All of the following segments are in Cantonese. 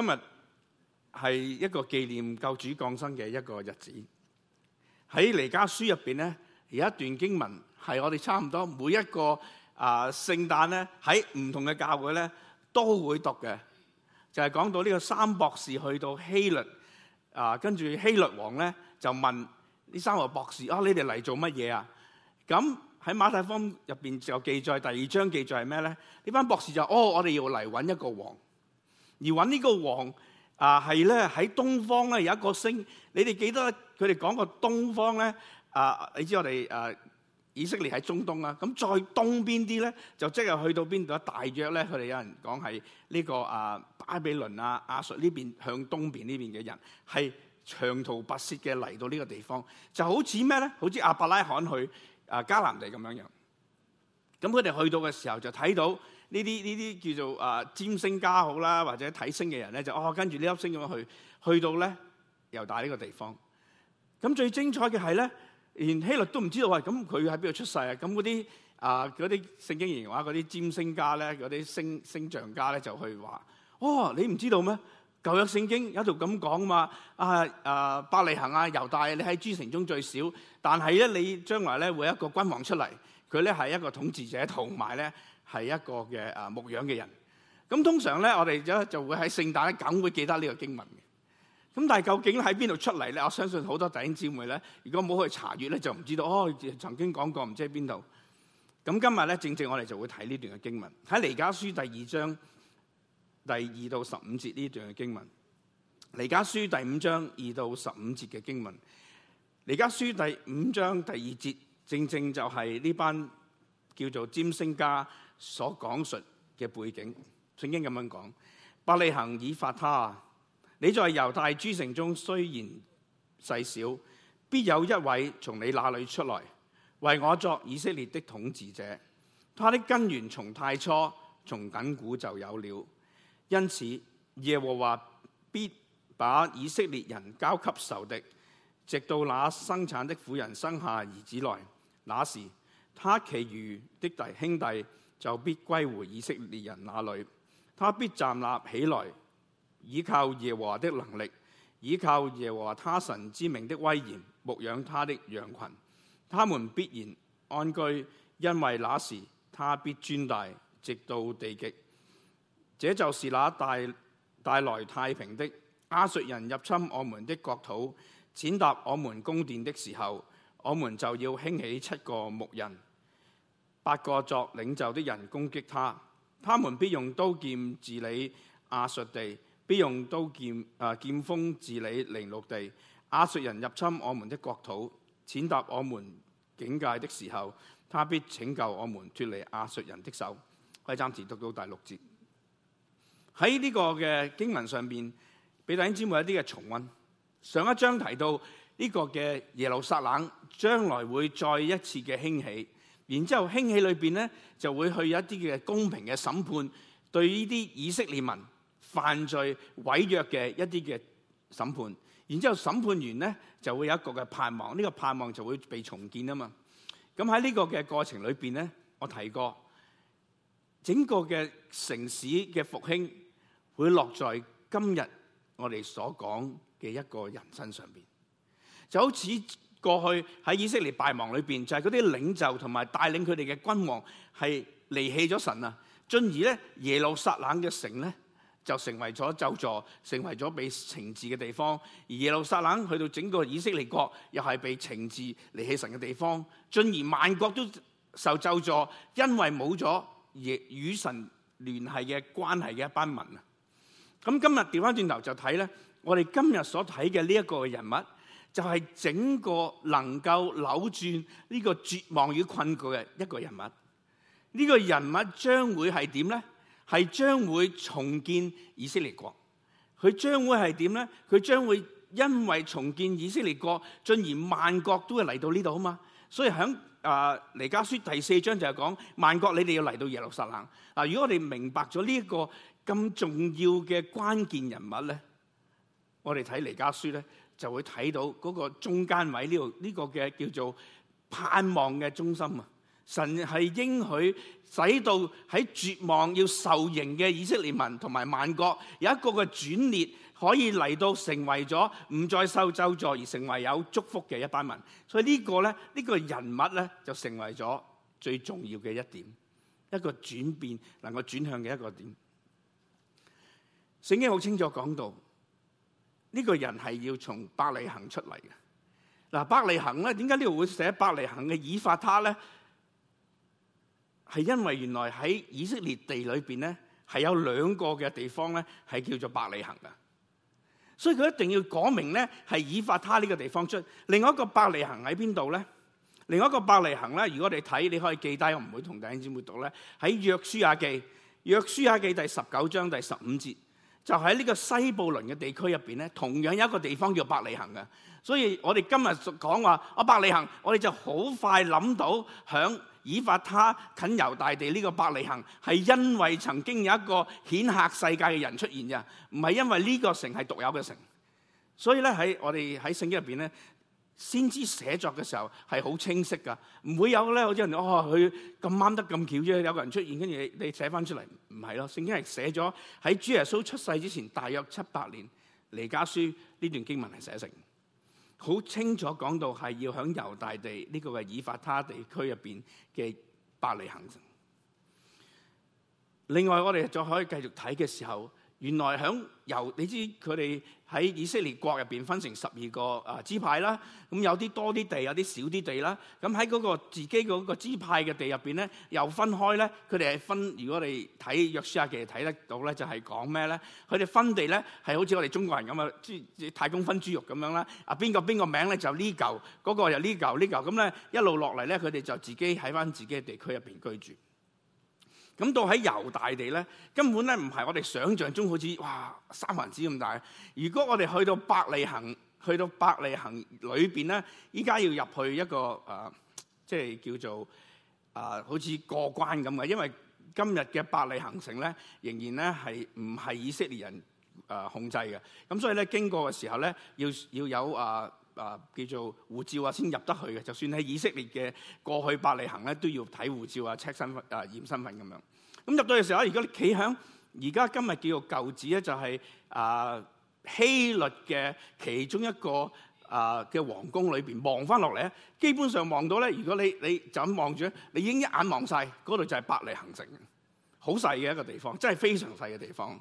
今日係一個紀念救主降生嘅一個日子。喺彌迦書入邊咧，有一段經文係我哋差唔多每一個啊聖誕咧，喺唔同嘅教會咧都會讀嘅。就係講到呢個三博士去到希律啊，跟住希律王咧就問呢三位博士：，啊，你哋嚟做乜嘢啊？咁喺馬太福音入邊就記載第二章記載係咩咧？呢這班博士就：，哦，我哋要嚟揾一個王。而揾呢個王啊，係咧喺東方咧有一個星。你哋記得佢哋講過東方咧啊？你知我哋啊以色列喺中東啊，咁再東邊啲咧就即係去到邊度啊？大約咧佢哋有人講係呢個啊巴比倫啊亞述呢邊向東邊呢邊嘅人，係長途跋涉嘅嚟到呢個地方，就好似咩咧？好似亞伯拉罕去啊迦南地咁樣樣。咁佢哋去到嘅時候就睇到。呢啲呢啲叫做啊占星家好啦，或者睇星嘅人咧，就哦跟住呢粒星咁樣去，去到咧猶大呢個地方。咁最精彩嘅係咧，連希律都唔知道喂，咁佢喺邊度出世啊？咁嗰啲啊嗰啲聖經言話嗰啲占星家咧，嗰啲星星象家咧就去話：哦，你唔知道咩？舊約聖經有一段咁講嘛。啊啊，伯利恒啊，猶大，你喺諸城中最少，但係咧你將來咧會有一個君王出嚟，佢咧係一個統治者，同埋咧。係一個嘅啊牧羊嘅人，咁通常咧，我哋咧就會喺聖誕梗會記得呢個經文嘅。咁但係究竟喺邊度出嚟咧？我相信好多弟兄姊妹咧，如果冇去查閱咧，就唔知道哦。曾經講過唔知喺邊度。咁今日咧，正正我哋就會睇呢段嘅經文，睇彌迦書第二章第二到十五節呢段嘅經文。彌迦書第五章二到十五節嘅經文。彌迦書第五章第二節正正就係呢班，叫做占星家所講述嘅背景，聖經咁樣講：伯利恆以法他，你在猶太諸城中雖然細小，必有一位從你那裏出來，為我作以色列的統治者。他的根源從太初、從亙古就有了。因此，耶和華必把以色列人交給仇敵，直到那生產的婦人生下兒子來，那時。他其餘的弟兄弟就必歸回以色列人那裏，他必站立起來，倚靠耶和華的能力，倚靠耶和華他神之名的威嚴，牧養他的羊群，他們必然安居，因為那時他必尊大，直到地極。這就是那帶帶來太平的亞述人入侵我們的國土，踐踏我們宮殿的時候，我們就要興起七個牧人。八個作領袖的人攻擊他，他們必用刀劍治理亞述地，必用刀劍啊、呃、劍鋒治理零六地。亞述人入侵我們的國土，踐踏我們境界的時候，他必拯救我們脱離亞述人的手。我哋暫時讀到第六節。喺呢個嘅經文上邊，俾弟兄姊妹一啲嘅重溫。上一章提到呢個嘅耶路撒冷將來會再一次嘅興起。然之後，興起裏邊咧就會去一啲嘅公平嘅審判，對呢啲以色列民犯罪違約嘅一啲嘅審判。然之後，審判員咧就會有一個嘅盼望，呢個盼望就會被重建啊嘛。咁喺呢個嘅過程裏邊咧，我提過整個嘅城市嘅復興會落在今日我哋所講嘅一個人身上邊，就好似。過去喺以色列敗亡裏邊，就係嗰啲領袖同埋帶領佢哋嘅君王係離棄咗神啊，進而咧耶路撒冷嘅城咧就成為咗咒詛，成為咗被懲治嘅地方；而耶路撒冷去到整個以色列國，又係被懲治離棄神嘅地方，進而萬國都受咒詛，因為冇咗與神聯繫嘅關係嘅一班民啊。咁今日掉返轉頭就睇咧，我哋今日所睇嘅呢一個人物。就係、是、整個能夠扭轉呢個絕望與困局嘅一個人物，呢個人物將會係點呢？係將會重建以色列國，佢將會係點呢？佢將會因為重建以色列國，進而萬國都會嚟到呢度啊嘛！所以響啊彌迦書第四章就係講萬國你哋要嚟到耶路撒冷啊！如果我哋明白咗呢一個咁重要嘅關鍵人物呢。我哋睇彌迦書咧，就會睇到嗰個中間位呢度呢個嘅叫做盼望嘅中心啊！神係應許使到喺絕望要受刑嘅以色列民同埋萬國有一個嘅轉裂，可以嚟到成為咗唔再受咒詛，而成為有祝福嘅一班民。所以呢個咧，呢個人物咧，就成為咗最重要嘅一點，一個轉變能夠轉向嘅一個點。聖經好清楚講到。呢、這個人係要從伯利恒出嚟嘅。嗱，伯利恒咧，點解呢度會寫伯利恒嘅以法他咧？係因為原來喺以色列地裏邊咧，係有兩個嘅地方咧，係叫做伯利恒嘅。所以佢一定要講明咧，係以法他呢個地方出。另外一個伯利恒喺邊度咧？另外一個伯利恒咧，如果我哋睇，你可以記低，我唔會同弟兄姐妹讀咧。喺約書亞記，約書亞記第十九章第十五節。就喺、是、呢個西布倫嘅地區入邊咧，同樣有一個地方叫伯利恆嘅，所以我哋今日講話，我、啊、伯利恆，我哋就好快諗到響以法他近猶大地呢個伯利恆，係因為曾經有一個顯赫世界嘅人出現咋，唔係因為呢個城係獨有嘅城，所以咧喺我哋喺聖經入邊咧。先知寫作嘅時候係好清晰噶，唔會有咧、哦，有啲人哦，佢咁啱得咁巧啫，有個人出現，跟住你寫翻出嚟唔係咯，聖經係寫咗喺主耶穌出世之前大約七百年，彌迦書呢段經文係寫成，好清楚講到係要喺猶大地呢、這個係以法他地區入邊嘅伯利恆。另外，我哋再可以繼續睇嘅時候。原來喺由你知佢哋喺以色列國入邊分成十二個啊支派啦，咁有啲多啲地，有啲少啲地啦。咁喺嗰個自己嗰個支派嘅地入邊咧，又分開咧。佢哋係分，如果你哋睇約書亞記睇得到咧，就係講咩咧？佢哋分地咧，係好似我哋中國人咁啊，即太公分豬肉咁樣啦。啊邊個邊個名咧就呢嚿，嗰個又呢嚿呢嚿，咁咧一路落嚟咧，佢哋就自己喺翻自己嘅地區入邊居住。咁到喺猶大地咧，根本咧唔係我哋想象中好似哇三萬支咁大。如果我哋去到伯利恆，去到伯利恆裏面咧，依家要入去一個即係、呃就是、叫做、呃、好似過關咁嘅，因為今日嘅伯利恆城咧，仍然咧係唔係以色列人控制嘅。咁、呃、所以咧經過嘅時候咧，要要有、呃啊，叫做護照啊，先入得去嘅。就算喺以色列嘅過去伯利恆咧，都要睇護照啊，check 身份啊，驗身份咁樣。咁入到嘅時候，如果你企喺而家今日叫做舊址咧，就係、是、啊希律嘅其中一個啊嘅皇宮裏邊望翻落嚟咧，基本上望到咧，如果你你就咁望住咧，你已經一眼望晒嗰度就係伯利恆城，好細嘅一個地方，真係非常細嘅地方。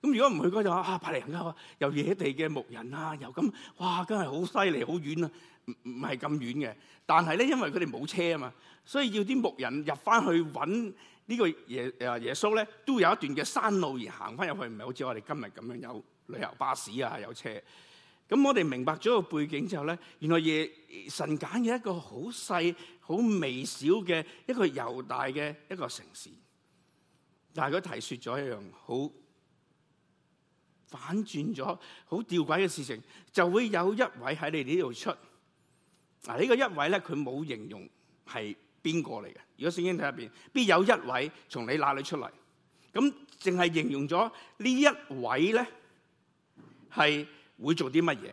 咁如果唔去嗰就說啊伯利恆又野地嘅牧人啊，又咁哇，真係好犀利，好遠啊，唔唔係咁遠嘅。但係咧，因為佢哋冇車啊嘛，所以要啲牧人入翻去揾呢個耶啊耶穌咧，都有一段嘅山路而行翻入去，唔係好似我哋今日咁樣有旅遊巴士啊，有車。咁我哋明白咗個背景之後咧，原來耶神揀嘅一個好細、好微小嘅一個猶大嘅一個城市，但係佢提説咗一樣好。反轉咗好吊詭嘅事情，就會有一位喺你呢度出。嗱、這、呢個一位咧，佢冇形容係邊個嚟嘅。如果聖經睇入邊，必有一位從你，拿你出來那裏出嚟。咁淨係形容咗呢一位咧，係會做啲乜嘢？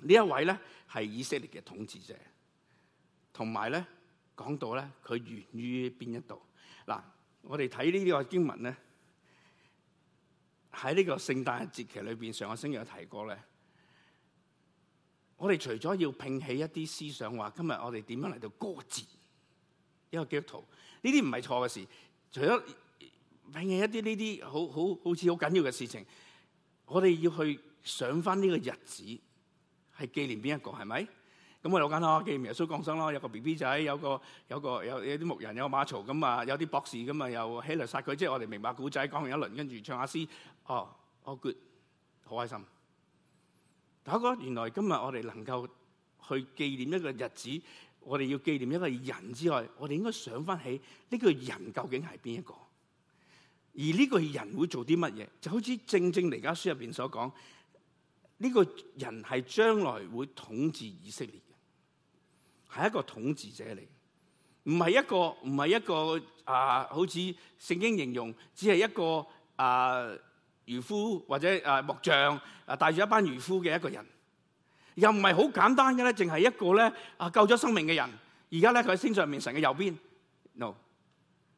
呢一位咧係以色列嘅統治者，同埋咧講到咧佢源於邊一度。嗱，我哋睇呢啲個經文咧。喺呢個聖誕節期裏邊，上個星期有提過咧。我哋除咗要拼起一啲思想，話今日我哋點樣嚟到過節，一個基督徒呢啲唔係錯嘅事。除咗拼起一啲呢啲好好好似好緊要嘅事情，我哋要去想翻呢個日子，係紀念邊一個，係咪？咁我哋好簡單，紀念耶穌降生啦。有個 B B 仔，有個有個有個有啲牧人，有個馬槽咁啊，有啲博士咁啊，又起來殺佢，即係我哋明白古仔講完一輪，跟住唱下詩。哦，我 good，好開心。覺得原來今日我哋能夠去紀念一個日子，我哋要紀念一個人之外，我哋應該想翻起呢個人究竟係邊一個？而呢個人會做啲乜嘢？就好似正正嚟家書入邊所講，呢、這個人係將來會統治以色列嘅，係一個統治者嚟，唔係一個唔係一個啊、呃，好似聖經形容，只係一個啊。呃漁夫或者啊木匠啊帶住一班漁夫嘅一個人，又唔係好簡單嘅咧，淨係一個咧啊救咗生命嘅人。而家咧佢喺天上面，神嘅右邊。no，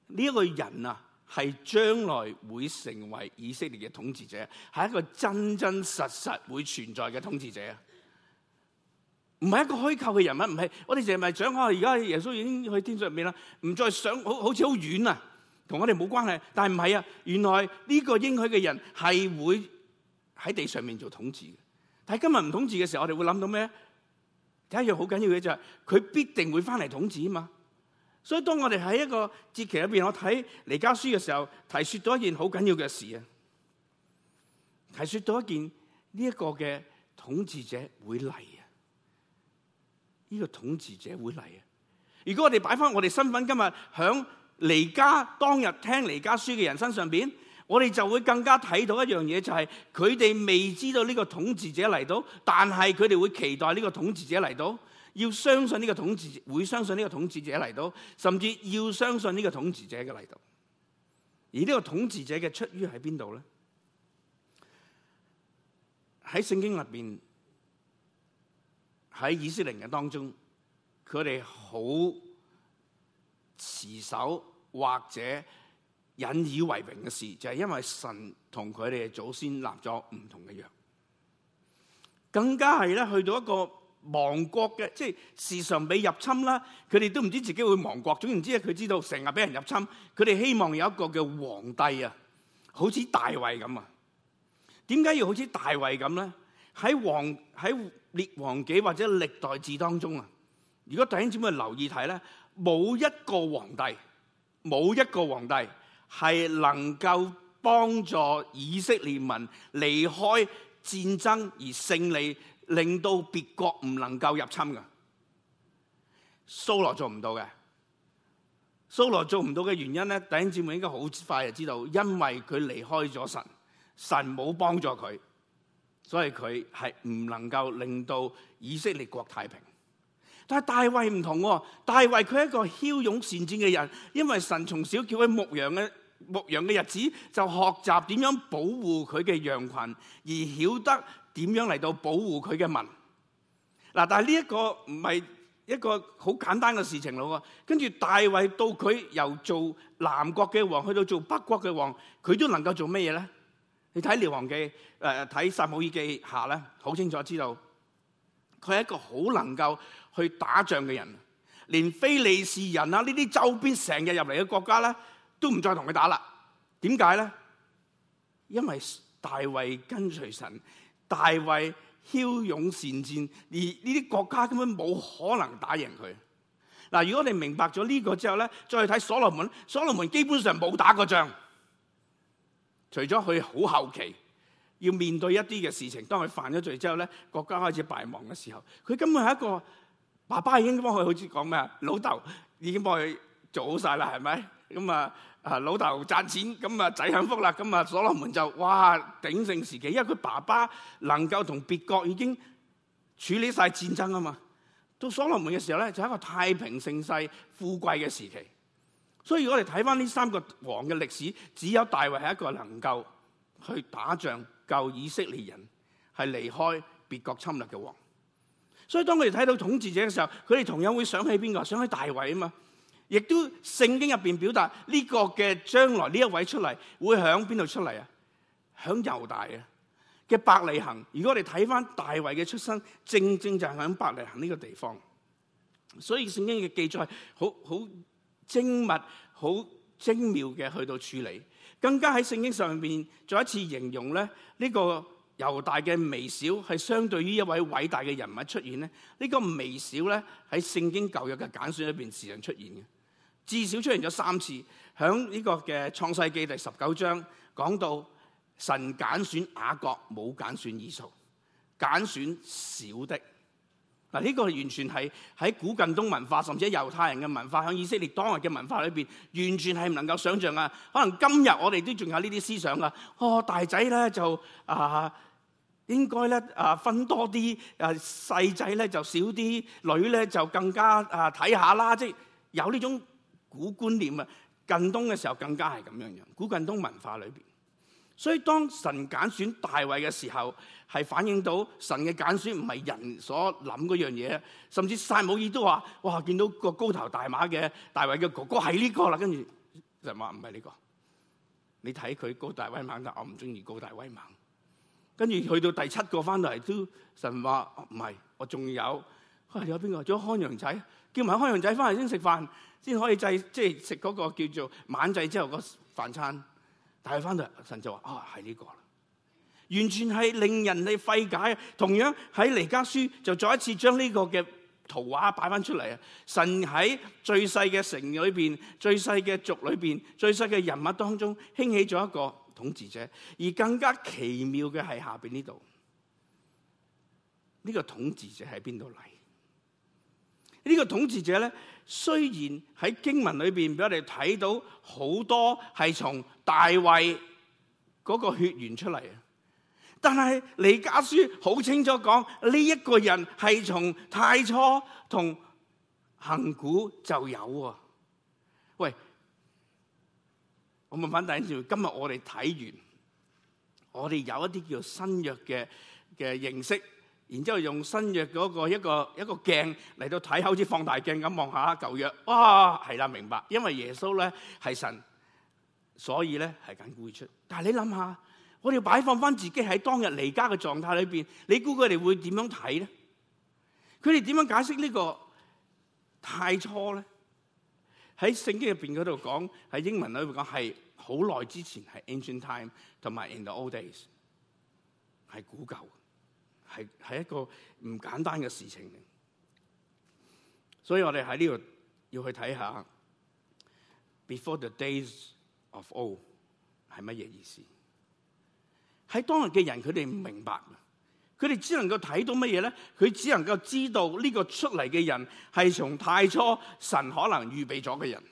呢一個人啊係將來會成為以色列嘅統治者，係一個真真實實，實會存在嘅統治者，唔係一個虛構嘅人物。唔係，我哋淨係咪想開？而家耶穌已經去天上入面啦，唔再想好好似好遠啊！同我哋冇關係，但係唔係啊？原來呢個應許嘅人係會喺地上面做統治嘅。但係今日唔統治嘅時候，我哋會諗到咩？第一樣好緊要嘅就係，佢必定會翻嚟統治啊嘛。所以當我哋喺一個節期入邊，我睇彌迦書嘅時候，提說咗一件好緊要嘅事啊！提說咗一件呢一個嘅統治者會嚟啊！呢個統治者會嚟啊！如果我哋擺翻我哋身份，今日響。彌迦當日聽彌迦書嘅人身上邊，我哋就會更加睇到一樣嘢，就係佢哋未知道呢個統治者嚟到，但係佢哋會期待呢個統治者嚟到，要相信呢個統治，會相信呢個統治者嚟到，甚至要相信呢個統治者嘅嚟到。而呢個統治者嘅出於喺邊度咧？喺聖經入邊，喺以色列人當中，佢哋好。持守或者引以為榮嘅事，就係因為神同佢哋嘅祖先立咗唔同嘅約，更加係咧去到一個亡國嘅，即係時常俾入侵啦。佢哋都唔知自己會亡國，總然之咧，佢知道成日俾人入侵，佢哋希望有一個嘅皇帝啊，好似大衛咁啊。點解要好似大衛咁咧？喺王喺列王紀或者歷代志當中啊，如果弟兄姊妹留意睇咧。冇一個皇帝，冇一個皇帝係能夠幫助以色列民離開戰爭而勝利，令到別國唔能夠入侵嘅。掃羅做唔到嘅，掃羅做唔到嘅原因咧，弟兄姊妹應該好快就知道，因為佢離開咗神，神冇幫助佢，所以佢係唔能夠令到以色列國太平。但係大衛唔同喎、哦，大衛佢係一個驍勇善戰嘅人，因為神從小叫佢牧羊嘅，牧羊嘅日子，就學習點樣保護佢嘅羊群，而曉得點樣嚟到保護佢嘅民。嗱，但係呢一個唔係一個好簡單嘅事情咯。跟住大衛到佢由做南國嘅王，去到做北國嘅王，佢都能夠做咩嘢咧？你睇列王記誒，睇、呃、撒母耳記下咧，好清楚知道。佢係一個好能夠去打仗嘅人，連非利士人啊呢啲周邊成日入嚟嘅國家咧，都唔再同佢打啦。點解咧？因為大衛跟隨神，大衛驍勇善戰，而呢啲國家根本冇可能打贏佢。嗱，如果你明白咗呢個之後咧，再去睇所羅門，所羅門基本上冇打過仗，除咗佢好後期。要面對一啲嘅事情，當佢犯咗罪之後咧，國家開始敗亡嘅時候，佢根本係一個爸爸已經幫佢好似講咩啊，老豆已經幫佢做好晒啦，係咪？咁啊啊，老豆賺錢，咁啊仔享福啦，咁、嗯、啊所羅門就哇鼎盛時期，因為佢爸爸能夠同別國已經處理晒戰爭啊嘛。到所羅門嘅時候咧，就係、是、一個太平盛世、富貴嘅時期。所以我哋睇翻呢三個王嘅歷史，只有大衛係一個能夠。去打仗救以色列人，係離開別國侵略嘅王。所以當佢哋睇到統治者嘅時候，佢哋同樣會想起邊個？想起大衛啊嘛。亦都聖經入邊表達呢、這個嘅將來呢一位出嚟會響邊度出嚟啊？響猶大啊嘅伯利恆。如果我哋睇翻大衛嘅出生，正正就係響伯利恆呢個地方。所以聖經嘅記載好好精密，好精妙嘅去到處理。更加在聖經上面再一次形容呢、這個猶大的微小是相對於一位偉大的人物出現呢，這個微小咧在聖經舊約的揀選裏面時常出現的，至少出現了三次。在這個創世記第十九章講到神揀選雅各冇揀選以掃，揀選小的嗱，呢個係完全係喺古近東文化，甚至猶太人嘅文化，向以色列當日嘅文化裏邊，完全係唔能夠想象啊！可能今日我哋都仲有呢啲思想啊！哦，大仔咧就啊、呃，應該咧啊分多啲，啊、呃、細仔咧就少啲，女咧就更加啊睇下啦，即、呃、係、就是、有呢種古觀念啊！近東嘅時候更加係咁樣樣，古近東文化裏邊，所以當神揀選大衛嘅時候。係反映到神嘅揀選唔係人所諗嗰樣嘢，甚至撒母耳都話：哇，見到個高頭大馬嘅大衛嘅哥哥係呢個啦，跟住神話唔係呢個。你睇佢高大威猛，但我唔中意高大威猛。跟住去到第七個翻到嚟都神話唔係，我仲有，有邊個？有看羊仔，叫埋看羊仔翻嚟先食飯，先可以祭即係食嗰個叫做晚祭之後個飯餐。但係翻到嚟神就話：啊係呢個啦。完全係令人哋費解。同樣喺彌迦書就再一次將呢個嘅圖畫擺翻出嚟啊！神喺最細嘅城裏邊、最細嘅族裏邊、最細嘅人物當中興起咗一個統治者。而更加奇妙嘅係下邊呢度，呢個統治者喺邊度嚟？呢個統治者咧，雖然喺經文裏邊俾我哋睇到好多係從大衛嗰個血緣出嚟啊。但係彌迦書好清楚講，呢一個人係從太初同亙古就有喎。喂，我問翻大家，今日我哋睇完，我哋有一啲叫新約嘅嘅認識，然之後用新約嗰個一個一個鏡嚟到睇，好似放大鏡咁望下舊約，哇，係啦，明白，因為耶穌咧，係神，所以咧係亙古而出。但係你諗下。我哋擺放翻自己喺當日離家嘅狀態裏邊，你估佢哋會點樣睇咧？佢哋點樣解釋呢個太初呢咧？喺聖經入邊嗰度講，喺英文裏邊講係好耐之前，係 ancient time 同埋 in the old days，係古舊，係係一個唔簡單嘅事情。所以我哋喺呢度要去睇下 before the days of old 係乜嘢意思？喺當日嘅人，佢哋唔明白，佢哋只能夠睇到乜嘢咧？佢只能夠知道呢個出嚟嘅人係從太初神可能預備咗嘅人，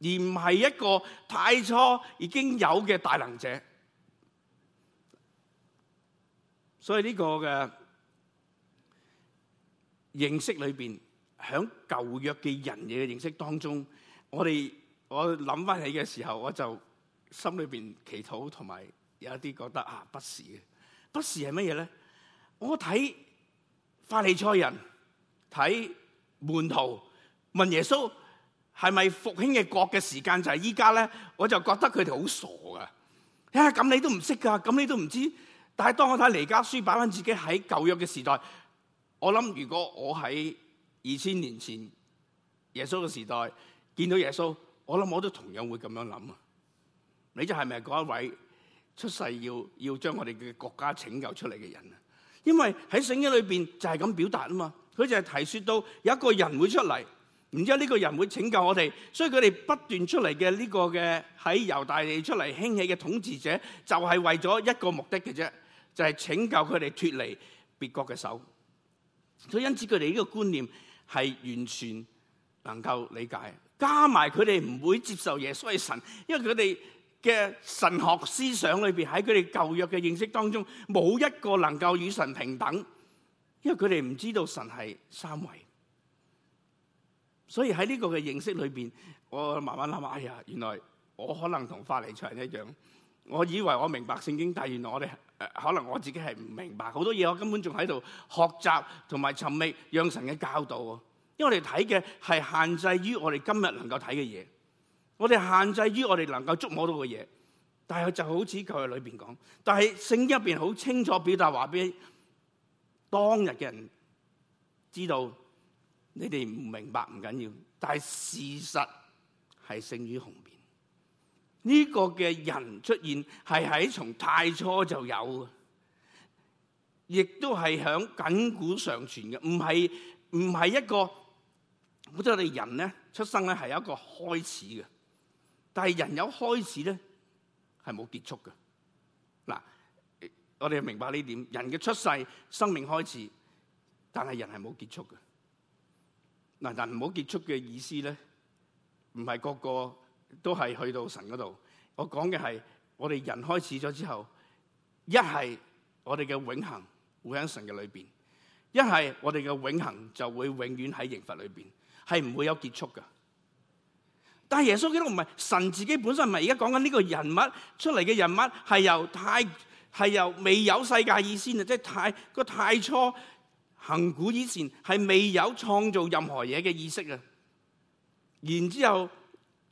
而唔係一個太初已經有嘅大能者。所以呢個嘅認識裏邊，喺舊約嘅人嘅認識當中，我哋我諗翻起嘅時候，我就心裏邊祈禱同埋。有一啲覺得啊，不是嘅，不是係乜嘢咧？我睇法利賽人睇門徒問耶穌係咪復興嘅國嘅時間就係依家咧？我就覺得佢哋好傻噶啊！咁你都唔識噶，咁你都唔知道。但係當我睇彌迦書擺翻自己喺舊約嘅時代，我諗如果我喺二千年前耶穌嘅時代見到耶穌，我諗我都同樣會咁樣諗啊。你就係咪嗰一位？出世要，要將我哋嘅國家拯救出嚟嘅人啊！因為喺聖經裏邊就係咁表達啊嘛，佢就係提說到有一個人會出嚟，然之後呢個人會拯救我哋，所以佢哋不斷出嚟嘅呢個嘅喺猶大地出嚟興起嘅統治者，就係為咗一個目的嘅啫，就係拯救佢哋脫離別國嘅手。所以因此佢哋呢個觀念係完全能夠理解，加埋佢哋唔會接受耶穌係神，因為佢哋。嘅神學思想裏邊，喺佢哋舊約嘅認識當中，冇一個能夠與神平等，因為佢哋唔知道神係三位。所以喺呢個嘅認識裏邊，我慢慢諗下，哎呀，原來我可能同法利賽人一樣，我以為我明白聖經，但係原來我哋可能我自己係唔明白，好多嘢，我根本仲喺度學習同埋尋覓，讓神嘅教導啊。因為我哋睇嘅係限制於我哋今日能夠睇嘅嘢。我哋限制於我哋能夠觸摸到嘅嘢，但係就好似佢喺裏邊講。但係聖經入邊好清楚表達，話俾當日嘅人知道，你哋唔明白唔緊要，但係事實係勝於雄辯，呢個嘅人出現係喺從太初就有，亦都係響亙古上傳嘅，唔係，唔係一個好似我哋人咧，出生咧，係一個開始嘅。但係人有開始咧，係冇結束噶。嗱，我哋明白呢點，人嘅出世、生命開始，但係人係冇結束噶。嗱，但唔好結束嘅意思咧，唔係個個都係去到神嗰度。我講嘅係，我哋人開始咗之後，一係我哋嘅永恆會喺神嘅裏邊，一係我哋嘅永恆就會永遠喺刑罰裏邊，係唔會有結束噶。但係耶穌基督唔係神自己本身，唔係而家講緊呢個人物出嚟嘅人物，係由太係由未有世界以先啊！即係太個太初恒古以前，係未有創造任何嘢嘅意識啊！然之後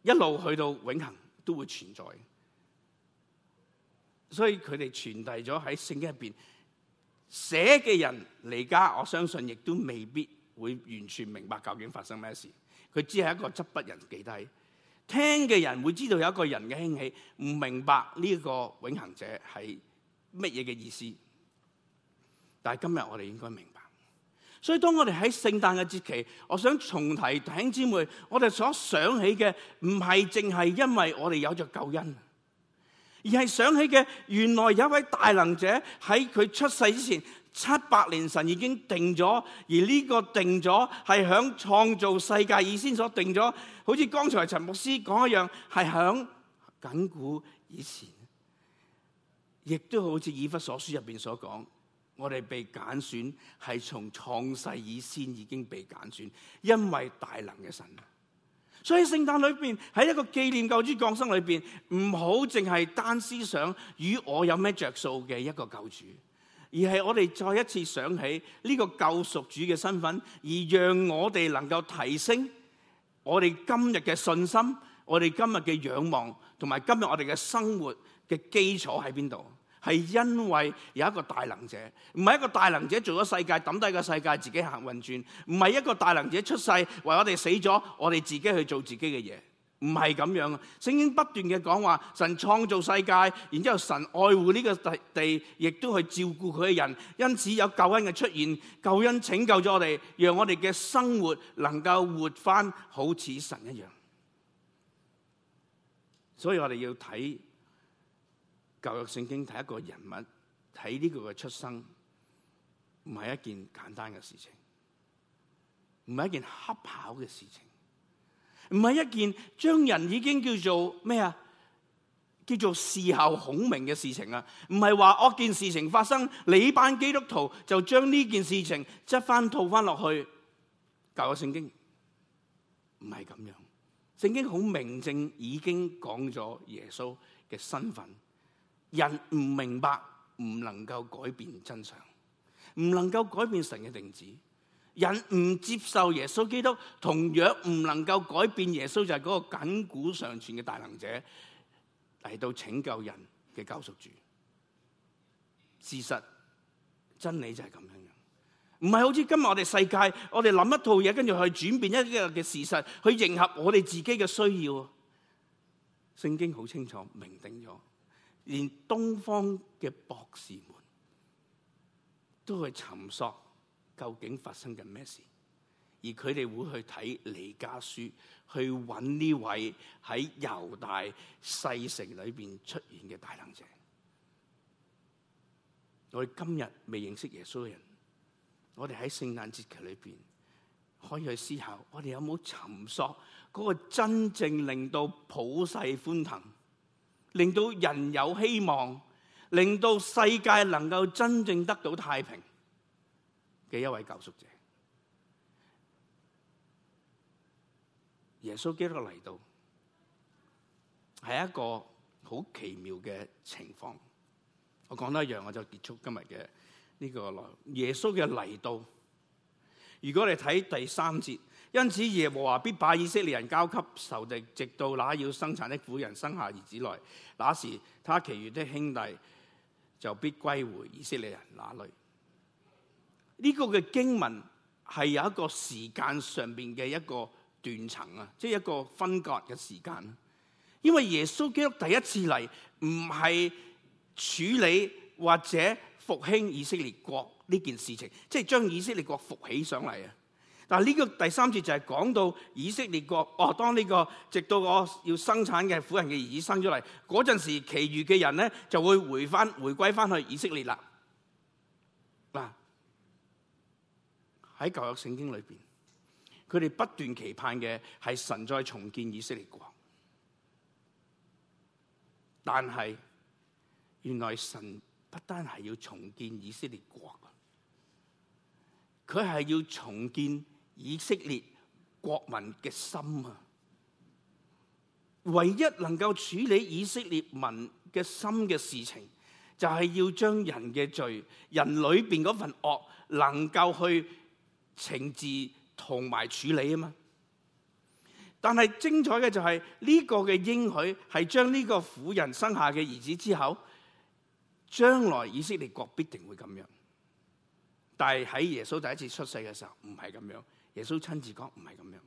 一路去到永恒都會存在，所以佢哋傳遞咗喺聖經入邊寫嘅人嚟家，我相信亦都未必會完全明白究竟發生咩事，佢只係一個執筆人記低。聽嘅人會知道有一個人嘅興起，唔明白呢個永恆者係乜嘢嘅意思。但係今日我哋應該明白，所以當我哋喺聖誕嘅節期，我想重提弟兄姊妹，我哋所想起嘅唔係淨係因為我哋有着救恩，而係想起嘅原來有一位大能者喺佢出世之前，七百年神已經定咗，而呢個定咗係響創造世界以先所定咗，好似剛才陳牧師講一樣，係響亙古以前，亦都好似以弗所書入邊所講，我哋被揀選係從創世以先已經被揀選，因為大能嘅神。所以聖誕裏邊喺一個紀念救主降生裏邊，唔好淨係單思想與我有咩着數嘅一個救主。而係我哋再一次想起呢個救贖主嘅身份，而讓我哋能夠提升我哋今日嘅信心，我哋今日嘅仰望，同埋今日我哋嘅生活嘅基礎喺邊度？係因為有一個大能者，唔係一個大能者做咗世界抌低個世界自己行運轉，唔係一個大能者出世為我哋死咗，我哋自己去做自己嘅嘢。唔係咁樣啊！聖經不斷嘅講話，神創造世界，然之後神愛護呢個地地，亦都去照顧佢嘅人。因此有救恩嘅出現，救恩拯救咗我哋，讓我哋嘅生活能夠活翻好似神一樣。所以我哋要睇舊約聖經，睇一個人物，睇呢個嘅出生，唔係一件簡單嘅事情，唔係一件恰巧嘅事情。唔係一件將人已經叫做咩啊？叫做事後孔明嘅事情啊！唔係話嗰件事情發生，你班基督徒就將呢件事情執翻套翻落去教下聖經，唔係咁樣。聖經好明淨，已經講咗耶穌嘅身份。人唔明白，唔能夠改變真相，唔能夠改變神嘅定旨。人唔接受耶穌基督，同樣唔能夠改變耶穌，就係嗰個亙古常存嘅大能者嚟到拯救人嘅救贖主。事實真理就係咁樣樣，唔係好似今日我哋世界，我哋諗一套嘢，跟住去轉變一個嘅事實，去迎合我哋自己嘅需要。聖經好清楚明定咗，連東方嘅博士們都去尋索。究竟發生緊咩事？而佢哋會去睇《彌迦書》，去揾呢位喺猶大細城裏邊出現嘅大能者。我哋今日未認識耶穌嘅人，我哋喺聖誕節期裏邊可以去思考：我哋有冇尋索嗰個真正令到普世歡騰、令到人有希望、令到世界能夠真正得到太平？嘅一位救贖者，耶穌基督嚟到，係一個好奇妙嘅情況。我講多一樣，我就結束今日嘅呢個來。耶穌嘅嚟到，如果你睇第三節，因此耶和華、啊、必把以色列人交給仇敵，直到那要生產的婦人生下兒子來，那時他其餘的兄弟就必歸回以色列人那裏。呢、這個嘅經文係有一個時間上邊嘅一個斷層啊，即、就、係、是、一個分割嘅時間。因為耶穌基督第一次嚟唔係處理或者復興以色列國呢件事情，即、就、係、是、將以色列國復起上嚟啊。但係呢個第三次就係講到以色列國哦，當呢個直到我要生產嘅婦人嘅兒子生咗嚟嗰陣時，其餘嘅人咧就會回翻回、回歸翻去以色列啦。嗱、啊。喺舊約聖經裏邊，佢哋不斷期盼嘅係神再重建以色列國。但係原來神不單係要重建以色列國，佢係要重建以色列國民嘅心啊。唯一能夠處理以色列民嘅心嘅事情，就係、是、要將人嘅罪、人裏邊嗰份惡，能夠去。懲治同埋處理啊嘛，但係精彩嘅就係呢個嘅應許係將呢個婦人生下嘅兒子之後，將來以色列國必定會咁樣。但係喺耶穌第一次出世嘅時候唔係咁樣，耶穌親自講唔係咁樣，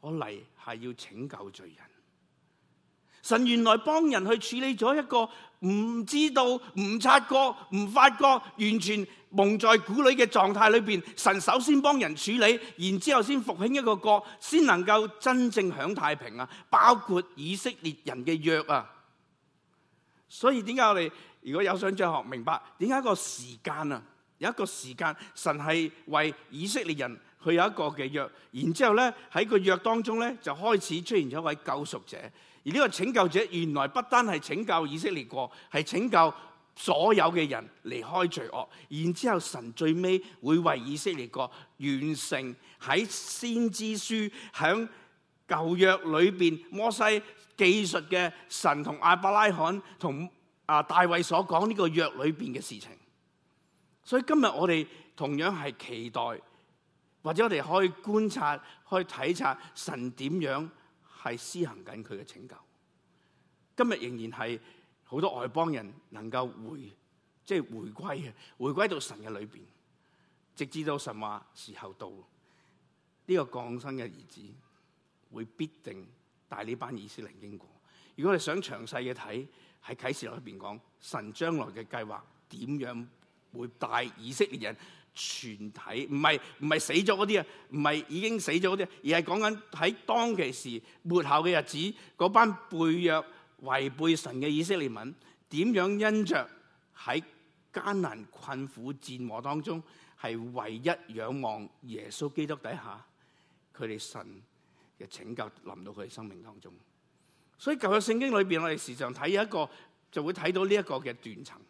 我嚟係要拯救罪人。神原來幫人去處理咗一個唔知道、唔察覺、唔發覺、完全蒙在鼓裏嘅狀態裏邊，神首先幫人處理，然之後先復興一個國，先能夠真正享太平啊！包括以色列人嘅約啊！所以點解我哋如果有想再學明白，點解一個時間啊，有一個時間神係為以色列人去有一個嘅約，然之後呢喺個約當中呢，就開始出現咗一位救贖者。而呢個拯救者，原來不單係拯救以色列國，係拯救所有嘅人離開罪惡，然之後神最尾會為以色列國完成喺先知書喺舊約裏邊摩西記述嘅神同亞伯拉罕同啊大衛所講呢個約裏邊嘅事情。所以今日我哋同樣係期待，或者我哋可以觀察、去睇察，神點樣。係施行緊佢嘅拯救，今日仍然係好多外邦人能夠回，即係回歸嘅，回歸到神嘅裏邊，直至到神話時候到，呢個降生嘅兒子會必定帶呢班以色列經過。如果你想詳細嘅睇，喺啟示錄裏邊講神將來嘅計劃點樣會帶以色列人。全體唔係唔係死咗嗰啲啊，唔係已經死咗嗰啲，而係講緊喺當其時末後嘅日子，嗰班背約違背神嘅以色列民，點樣因着喺艱難困苦戰禍當中，係唯一仰望耶穌基督底下佢哋神嘅拯救臨到佢哋生命當中。所以舊約聖經裏邊，我哋時常睇一個，就會睇到呢一個嘅斷層。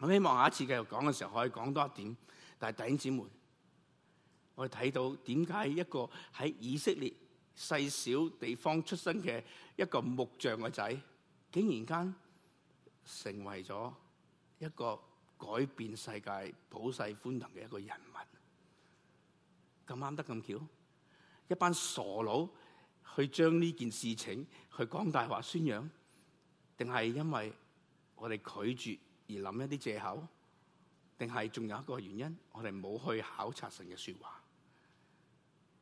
我希望下一次繼續講嘅時候，可以講多一點。但係弟兄們，我哋睇到點解一個喺以色列細小地方出生嘅一個木匠嘅仔，竟然間成為咗一個改變世界普世歡騰嘅一個人物？咁啱得咁巧，一班傻佬去將呢件事情去講大話宣揚，定係因為我哋拒絕而諗一啲借口？定係仲有一個原因，我哋冇去考察神嘅説話。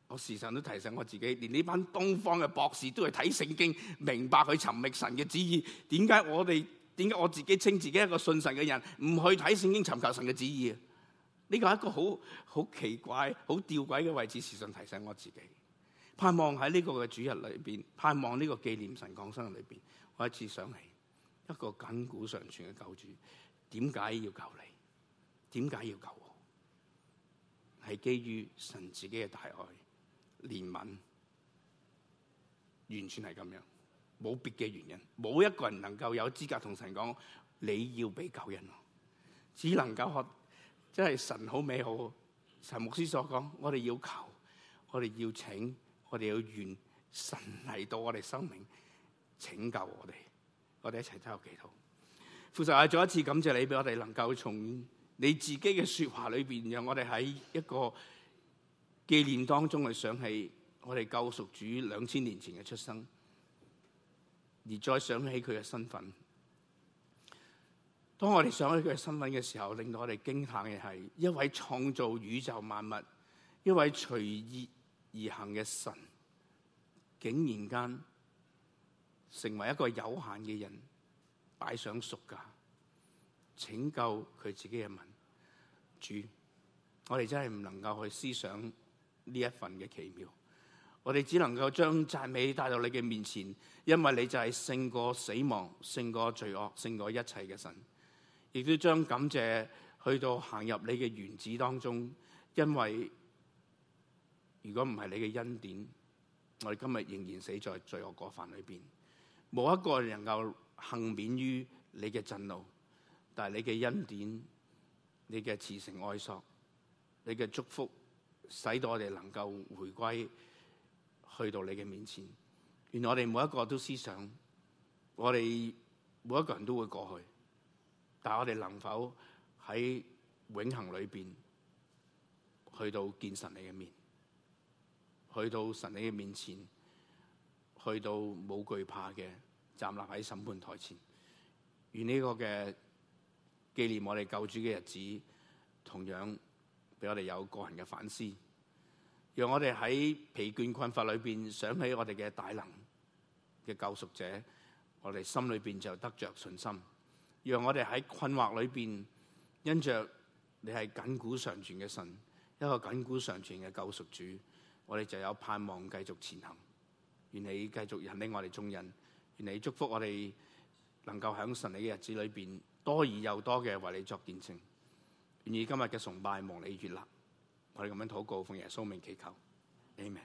我時常都提醒我自己，連呢班東方嘅博士都係睇聖經，明白佢尋覓神嘅旨意。點解我哋，點解我自己稱自己一個信神嘅人，唔去睇聖經尋求神嘅旨意？呢個係一個好好奇怪、好吊詭嘅位置。時常提醒我自己，盼望喺呢個嘅主日裏邊，盼望呢個紀念神降生裏邊，我一次想起一個亙古常存嘅救主，點解要救你？點解要救我？係基於神自己嘅大愛、憐憫，完全係咁樣，冇別嘅原因。冇一個人能夠有資格同神講你要俾救恩，只能夠學即係神好美好。神牧師所講，我哋要求，我哋要請，我哋要願神嚟到我哋生命，拯救我哋。我哋一齊走入祈禱。父神，再再一次感謝你，俾我哋能夠重。你自己嘅說話裏面，讓我哋喺一個紀念當中去想起我哋救贖主兩千年前嘅出生，而再想起佢嘅身份。當我哋想起佢嘅身份嘅時候，令到我哋驚嘆嘅係一位創造宇宙萬物、一位隨意而行嘅神，竟然間成為一個有限嘅人，擺上贖價。拯救佢自己嘅民，主，我哋真係唔能夠去思想呢一份嘅奇妙，我哋只能夠將讚美帶到你嘅面前，因為你就係勝過死亡、勝過罪惡、勝過一切嘅神，亦都將感謝去到行入你嘅原子當中，因為如果唔係你嘅恩典，我哋今日仍然死在罪惡過犯裏邊，冇一個人能夠幸免於你嘅震怒。但係你嘅恩典，你嘅慈繩愛索，你嘅祝福，使到我哋能夠回歸，去到你嘅面前。原來我哋每一個都思想，我哋每一個人都會過去，但係我哋能否喺永恒裏邊，去到見神你嘅面，去到神你嘅面前，去到冇懼怕嘅站立喺審判台前，願呢個嘅。紀念我哋救主嘅日子，同樣俾我哋有個人嘅反思。讓我哋喺疲倦困乏裏邊，想起我哋嘅大能嘅救贖者，我哋心裏邊就得着信心。讓我哋喺困惑裏邊，因着你係緊古常存嘅神，一個亘古常存嘅救贖主，我哋就有盼望繼續前行。願你繼續引領我哋眾人，願你祝福我哋能夠喺神你嘅日子裏邊。多而又多嘅為你作見證，願以今日的崇拜望你悅納。我哋咁樣禱告，奉耶穌名祈求 amen